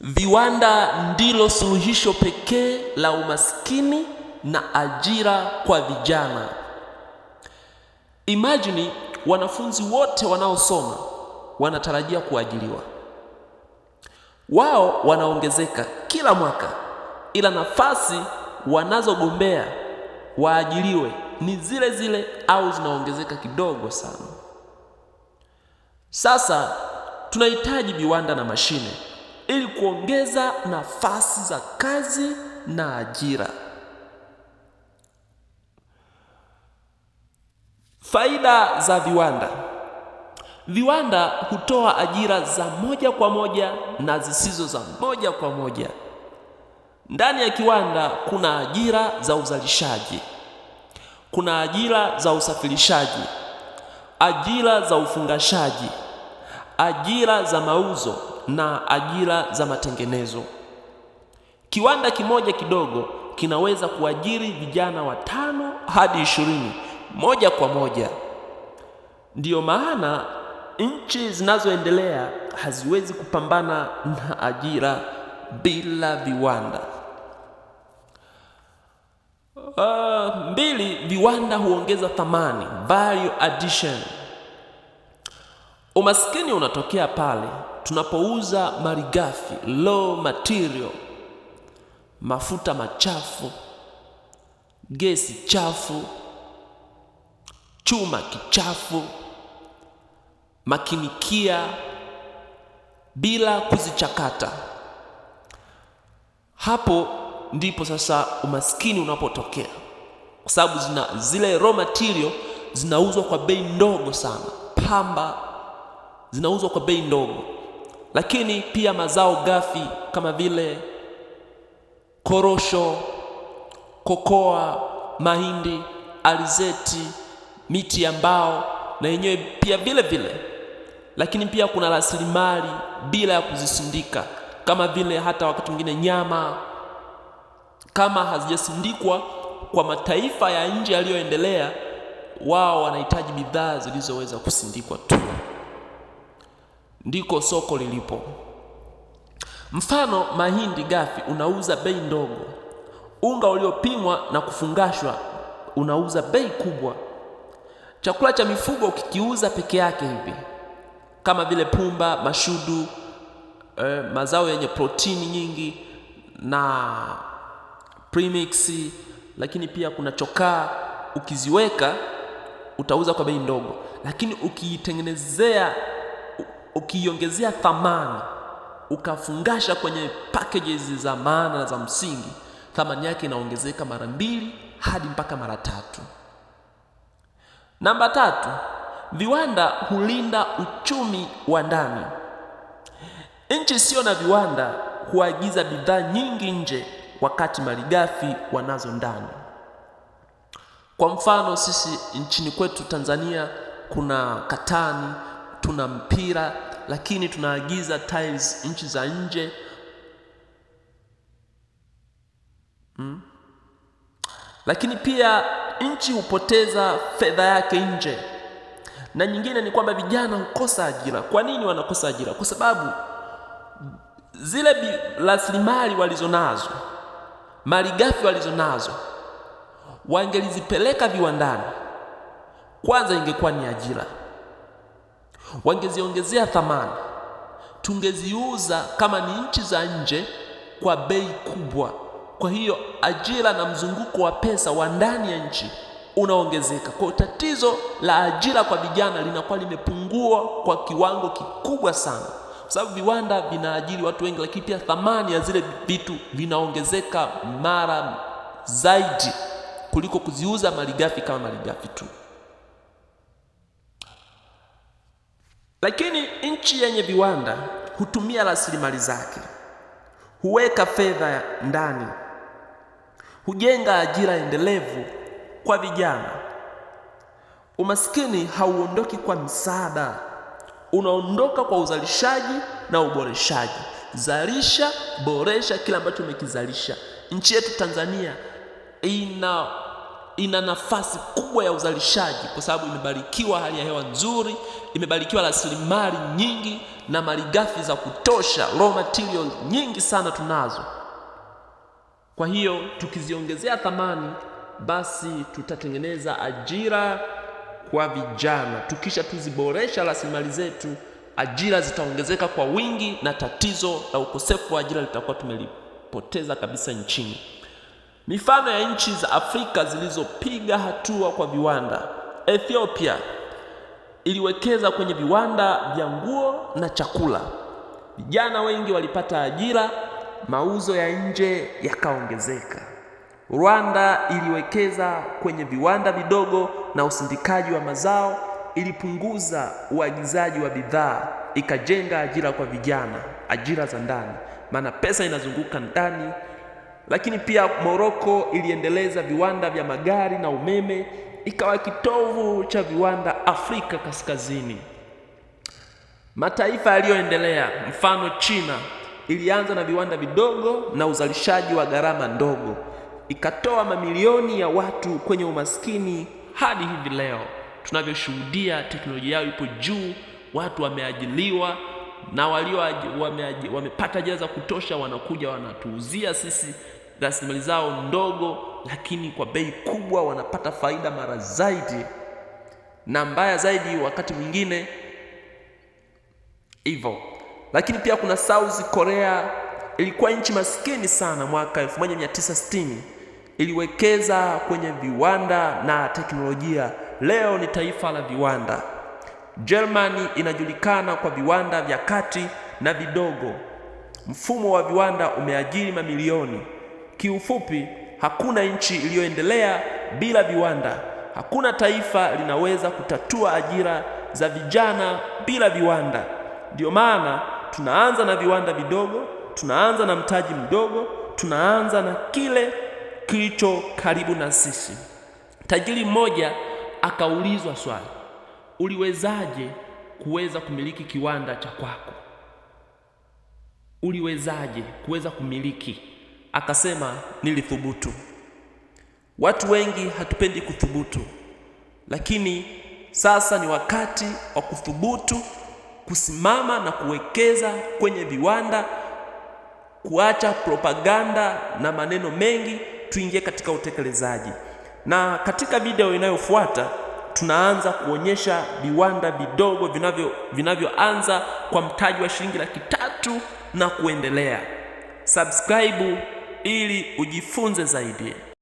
Viwanda ndilo suluhisho pekee la umaskini na ajira kwa vijana. Imagine wanafunzi wote wanaosoma wanatarajia kuajiriwa. Wao wanaongezeka kila mwaka, ila nafasi wanazogombea waajiriwe ni zile zile au zinaongezeka kidogo sana. Sasa tunahitaji viwanda na mashine ili kuongeza nafasi za kazi na ajira. Faida za viwanda. Viwanda hutoa ajira za moja kwa moja na zisizo za moja kwa moja. Ndani ya kiwanda kuna ajira za uzalishaji, kuna ajira za usafirishaji, ajira za ufungashaji, ajira za mauzo na ajira za matengenezo. Kiwanda kimoja kidogo kinaweza kuajiri vijana watano hadi ishirini moja kwa moja. Ndiyo maana nchi zinazoendelea haziwezi kupambana na ajira bila viwanda. Uh, mbili, viwanda huongeza thamani, value addition Umaskini unatokea pale tunapouza malighafi, low material, mafuta machafu, gesi chafu, chuma kichafu, makinikia bila kuzichakata. Hapo ndipo sasa umaskini unapotokea, kwa sababu zina zile raw material zinauzwa kwa bei ndogo sana, pamba zinauzwa kwa bei ndogo, lakini pia mazao ghafi kama vile korosho, kokoa, mahindi, alizeti, miti ya mbao na yenyewe pia vile vile. Lakini pia kuna rasilimali bila ya kuzisindika kama vile hata wakati mwingine nyama kama hazijasindikwa kwa mataifa ya nje yaliyoendelea, wao wanahitaji bidhaa zilizoweza kusindikwa tu ndiko soko lilipo. Mfano, mahindi gafi unauza bei ndogo, unga uliopimwa na kufungashwa unauza bei kubwa. Chakula cha mifugo ukikiuza peke yake hivi kama vile pumba, mashudu, eh, mazao yenye protini nyingi na premix, lakini pia kuna chokaa, ukiziweka utauza kwa bei ndogo, lakini ukiitengenezea ukiiongezea thamani ukafungasha kwenye packages za maana za msingi, thamani yake inaongezeka mara mbili hadi mpaka mara tatu. Namba tatu, viwanda hulinda uchumi wa ndani. Nchi isiyo na viwanda huagiza bidhaa nyingi nje, wakati malighafi wanazo ndani. Kwa mfano, sisi nchini kwetu Tanzania kuna katani tuna mpira, lakini tunaagiza tiles nchi za nje hmm? Lakini pia nchi hupoteza fedha yake nje, na nyingine ni kwamba vijana hukosa ajira. Kwa nini wanakosa ajira? Kwa sababu zile rasilimali walizonazo, malighafi walizonazo, wangelizipeleka viwandani, kwanza ingekuwa ni ajira wangeziongezea thamani, tungeziuza kama ni nchi za nje kwa bei kubwa. Kwa hiyo ajira na mzunguko wa pesa wa ndani ya nchi unaongezeka. Kwa tatizo la ajira kwa vijana linakuwa limepungua kwa kiwango kikubwa sana, kwa sababu viwanda vinaajiri watu wengi, lakini pia thamani ya zile vitu vinaongezeka mara zaidi kuliko kuziuza malighafi kama malighafi tu. Lakini nchi yenye viwanda hutumia rasilimali zake, huweka fedha ndani, hujenga ajira endelevu kwa vijana. Umaskini hauondoki kwa msaada, unaondoka kwa uzalishaji na uboreshaji. Zalisha, boresha kile ambacho umekizalisha. Nchi yetu Tanzania ina ina nafasi kubwa ya uzalishaji kwa sababu imebarikiwa hali ya hewa nzuri, imebarikiwa rasilimali nyingi na malighafi za kutosha, raw materials nyingi sana tunazo. Kwa hiyo tukiziongezea thamani, basi tutatengeneza ajira kwa vijana. Tukisha tuziboresha rasilimali zetu, ajira zitaongezeka kwa wingi, na tatizo la ukosefu wa ajira litakuwa tumelipoteza kabisa nchini. Mifano ya nchi za Afrika zilizopiga hatua kwa viwanda. Ethiopia iliwekeza kwenye viwanda vya nguo na chakula. Vijana wengi walipata ajira, mauzo ya nje yakaongezeka. Rwanda iliwekeza kwenye viwanda vidogo na usindikaji wa mazao, ilipunguza uagizaji wa bidhaa, ikajenga ajira kwa vijana, ajira za ndani, maana pesa inazunguka ndani lakini pia Moroko iliendeleza viwanda vya magari na umeme, ikawa kitovu cha viwanda Afrika Kaskazini. Mataifa yaliyoendelea mfano China ilianza na viwanda vidogo na uzalishaji wa gharama ndogo, ikatoa mamilioni ya watu kwenye umaskini hadi hivi leo tunavyoshuhudia. Teknolojia yao ipo juu, watu wameajiliwa na walio wamepata ajira za kutosha, wanakuja wanatuuzia sisi rasilimali zao ndogo, lakini kwa bei kubwa wanapata faida mara zaidi, na mbaya zaidi wakati mwingine hivyo. Lakini pia kuna South Korea, ilikuwa nchi maskini sana. Mwaka 1960 iliwekeza kwenye viwanda na teknolojia, leo ni taifa la viwanda. Germany inajulikana kwa viwanda vya kati na vidogo. Mfumo wa viwanda umeajiri mamilioni. Kiufupi, hakuna nchi iliyoendelea bila viwanda. Hakuna taifa linaweza kutatua ajira za vijana bila viwanda. Ndiyo maana tunaanza na viwanda vidogo, tunaanza na mtaji mdogo, tunaanza na kile kilicho karibu na sisi. Tajiri mmoja akaulizwa swali, uliwezaje kuweza kumiliki kiwanda cha kwako? Uliwezaje kuweza kumiliki akasema nilithubutu. Watu wengi hatupendi kuthubutu, lakini sasa ni wakati wa kuthubutu, kusimama na kuwekeza kwenye viwanda, kuacha propaganda na maneno mengi, tuingie katika utekelezaji. Na katika video inayofuata tunaanza kuonyesha viwanda vidogo vinavyo vinavyoanza kwa mtaji wa shilingi laki tatu na kuendelea. Subscribe ili ujifunze zaidi.